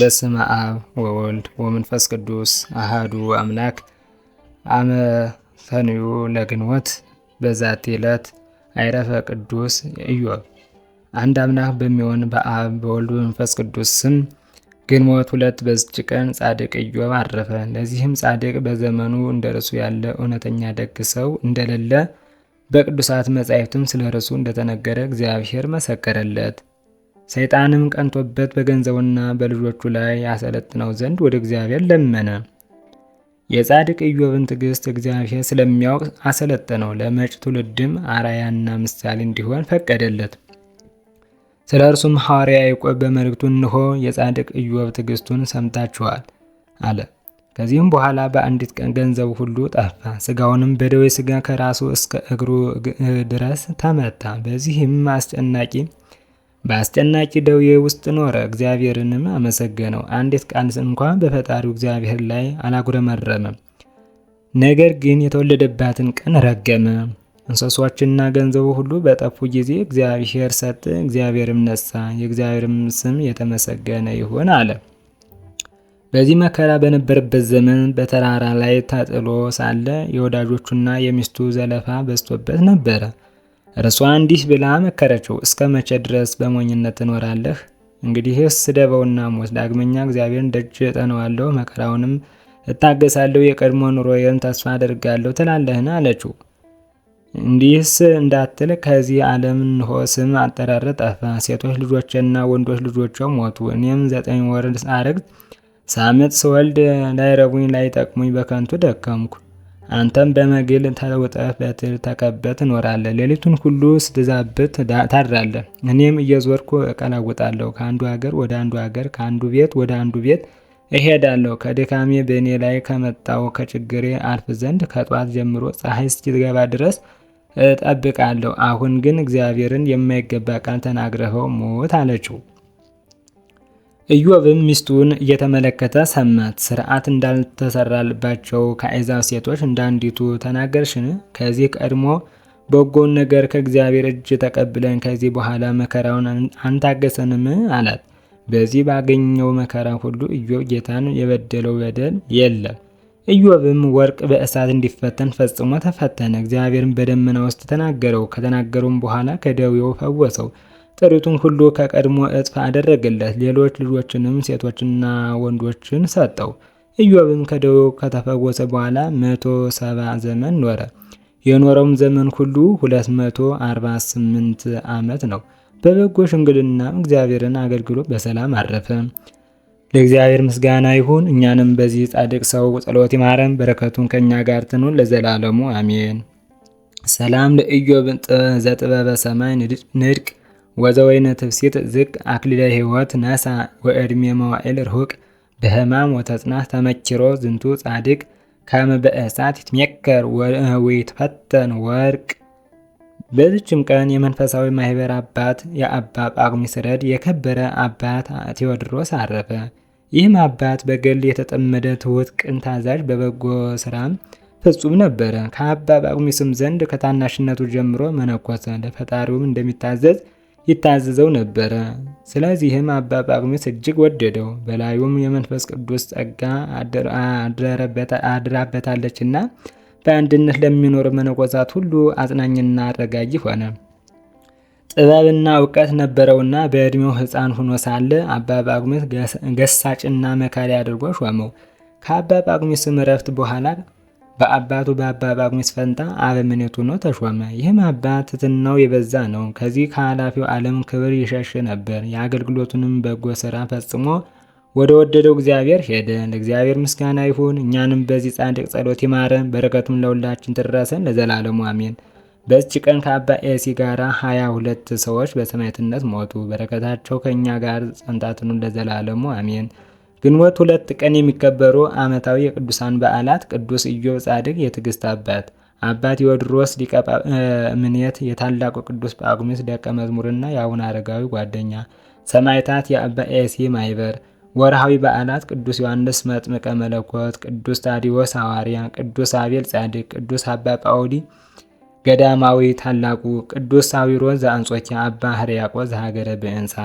በስመ አብ ወወልድ ወመንፈስ ቅዱስ አሃዱ አምላክ አመ ሰንዩ ለግንቦት በዛቲ ዕለት አይረፈ ቅዱስ እዮብ አንድ አምላክ በሚሆን በአብ በወልድ በመንፈስ ቅዱስ ስም ግንቦት ሁለት በዚች ቀን ጻድቅ እዮብ አረፈ። ለዚህም ጻድቅ በዘመኑ እንደ ርሱ ያለ እውነተኛ ደግ ሰው እንደሌለ በቅዱሳት መጻሕፍትም ስለ ርሱ እንደተነገረ እግዚአብሔር መሰከረለት። ሰይጣንም ቀንቶበት በገንዘቡና በልጆቹ ላይ ያሰለጥነው ዘንድ ወደ እግዚአብሔር ለመነ። የጻድቅ ኢዮብን ትዕግስት እግዚአብሔር ስለሚያውቅ አሰለጠነው። ለመጭ ትውልድም አራያና ምሳሌ እንዲሆን ፈቀደለት። ስለ እርሱም ሐዋርያ ያዕቆብ በመልእክቱ እንሆ የጻድቅ ኢዮብ ትዕግስቱን ሰምታችኋል አለ። ከዚህም በኋላ በአንዲት ቀን ገንዘቡ ሁሉ ጠፋ። ስጋውንም በደዌ ስጋ ከራሱ እስከ እግሩ ድረስ ተመታ። በዚህም አስጨናቂ በአስጨናቂ ደዌ ውስጥ ኖረ፣ እግዚአብሔርንም አመሰገነው። አንዲት ቃል እንኳ በፈጣሪው እግዚአብሔር ላይ አላጉረመረመም። ነገር ግን የተወለደባትን ቀን ረገመ። እንስሶችና ገንዘቡ ሁሉ በጠፉ ጊዜ እግዚአብሔር ሰጥ፣ እግዚአብሔርም ነሳ፣ የእግዚአብሔርም ስም የተመሰገነ ይሁን አለ። በዚህ መከራ በነበረበት ዘመን በተራራ ላይ ተጥሎ ሳለ የወዳጆቹና የሚስቱ ዘለፋ በዝቶበት ነበረ። እርሷ እንዲህ ብላ መከረችው፣ እስከ መቼ ድረስ በሞኝነት ትኖራለህ? እንግዲህስ ስደበውና ሞት። ዳግመኛ እግዚአብሔርን ደጅ እጠነዋለሁ፣ መከራውንም እታገሳለሁ፣ የቀድሞ ኑሮዬን ተስፋ አደርጋለሁ ትላለህን? አለችው። እንዲህስ እንዳትል ከዚህ ዓለም እንሆ ስም አጠራረ ጠፋ። ሴቶች ልጆችና ወንዶች ልጆች ሞቱ። እኔም ዘጠኝ ወር አረግዝ ሳምጥ ስወልድ ላይረቡኝ ላይጠቅሙኝ በከንቱ ደከምኩ። አንተም በመግል ተውጠህ በትል ተከበህ ትኖራለህ። ሌሊቱን ሁሉ ስትዛብት ታድራለህ። እኔም እየዞርኩ እቀላውጣለሁ። ከአንዱ ሀገር ወደ አንዱ ሀገር፣ ከአንዱ ቤት ወደ አንዱ ቤት እሄዳለሁ። ከድካሜ በእኔ ላይ ከመጣው ከችግሬ አልፍ ዘንድ ከጧት ጀምሮ ፀሐይ እስኪገባ ድረስ እጠብቃለሁ። አሁን ግን እግዚአብሔርን የማይገባ ቃል ተናግረኸው ሞት አለችው። ኢዮብም ሚስቱን እየተመለከተ ሰማት። ስርዓት እንዳልተሰራልባቸው ከአሕዛብ ሴቶች እንዳንዲቱ ተናገርሽን? ከዚህ ቀድሞ በጎን ነገር ከእግዚአብሔር እጅ ተቀብለን ከዚህ በኋላ መከራውን አንታገሰንም አላት። በዚህ ባገኘው መከራ ሁሉ ኢዮብ ጌታን የበደለው በደል የለም። ኢዮብም ወርቅ በእሳት እንዲፈተን ፈጽሞ ተፈተነ። እግዚአብሔርም በደመና ውስጥ ተናገረው። ከተናገሩም በኋላ ከደዌው ፈወሰው። ጥሪቱን ሁሉ ከቀድሞ እጥፍ አደረገለት። ሌሎች ልጆችንም ሴቶችና ወንዶችን ሰጠው። ኢዮብም ከደዌው ከተፈወሰ በኋላ መቶ ሰባ ዘመን ኖረ። የኖረውም ዘመን ሁሉ 248 ዓመት ነው። በበጎ ሽምግልና እግዚአብሔርን አገልግሎ በሰላም አረፈ። ለእግዚአብሔር ምስጋና ይሁን። እኛንም በዚህ ጻድቅ ሰው ጸሎት ይማረን፣ በረከቱን ከእኛ ጋር ትኑን ለዘላለሙ አሜን። ሰላም ለኢዮብ ዘጥበበ ሰማይ ንድቅ ወዘወይነ ትፍሲት ዝቅ አክሊለ ህይወት ነሳ ወዕድሜ መዋዕል ርሁቅ በህማም ወተጽናህ ተመኪሮ ዝንቱ ጻድቅ ካመ በእሳት ይትሜከር ወይትፈተን ወርቅ። በዚችም ቀን የመንፈሳዊ ማህበር አባት የአባ ጳቁሚ ስረድ የከበረ አባት ቴዎድሮስ አረፈ። ይህም አባት በገል የተጠመደ ትሑት ቅን ታዛዥ፣ በበጎ ስራም ፍጹም ነበረ። ከአባ ጳቁሚስም ዘንድ ከታናሽነቱ ጀምሮ መነኮሰ። ለፈጣሪውም እንደሚታዘዝ ይታዘዘው ነበረ። ስለዚህም አባ ጳኩሚስ እጅግ ወደደው። በላዩም የመንፈስ ቅዱስ ጸጋ አድራበታለችና በአንድነት ለሚኖር መነኮሳት ሁሉ አጽናኝና አረጋጊ ሆነ። ጥበብና እውቀት ነበረውና በዕድሜው ሕፃን ሆኖ ሳለ አባ ጳኩሚስ ገሳጭና መካሪ አድርጎ ሾመው። ከአባ ጳኩሚስም እረፍት በኋላ በአባቱ በአባ ጳኩሚስ ፈንታ አበምኔት ተሾመ። ይህም አባት ትትናው የበዛ ነው። ከዚህ ከኃላፊው ዓለም ክብር ይሸሽ ነበር። የአገልግሎቱንም በጎ ሥራ ፈጽሞ ወደ ወደደው እግዚአብሔር ሄደ። ለእግዚአብሔር ምስጋና ይሁን፣ እኛንም በዚህ ጻድቅ ጸሎት ይማረን፣ በረከቱም ለሁላችን ትድረሰን ለዘላለሙ አሜን። በዚች ቀን ከአባ ኤሲ ጋር ሀያ ሁለት ሰዎች በሰማዕትነት ሞቱ። በረከታቸው ከእኛ ጋር ጸንታትኑ ለዘላለሙ አሜን። ግንቦት ሁለት ቀን የሚከበሩ ዓመታዊ የቅዱሳን በዓላት ቅዱስ ኢዮብ ጻድቅ የትዕግስት አባት፣ አባት ቴዎድሮስ ሊቀ ምኔት የታላቁ ቅዱስ ጳጉሜስ ደቀ መዝሙርና የአቡነ አረጋዊ ጓደኛ፣ ሰማዕታት የአባ ኤሲ ማይበር። ወርሃዊ በዓላት ቅዱስ ዮሐንስ መጥምቀ መለኮት፣ ቅዱስ ታዲዎስ ሐዋርያ፣ ቅዱስ አቤል ጻድቅ፣ ቅዱስ አባ ጳውዲ ገዳማዊ፣ ታላቁ ቅዱስ ሳዊሮን ዘአንጾኪያ፣ አባ ሕርያቆስ ዘሀገረ ብእንሳ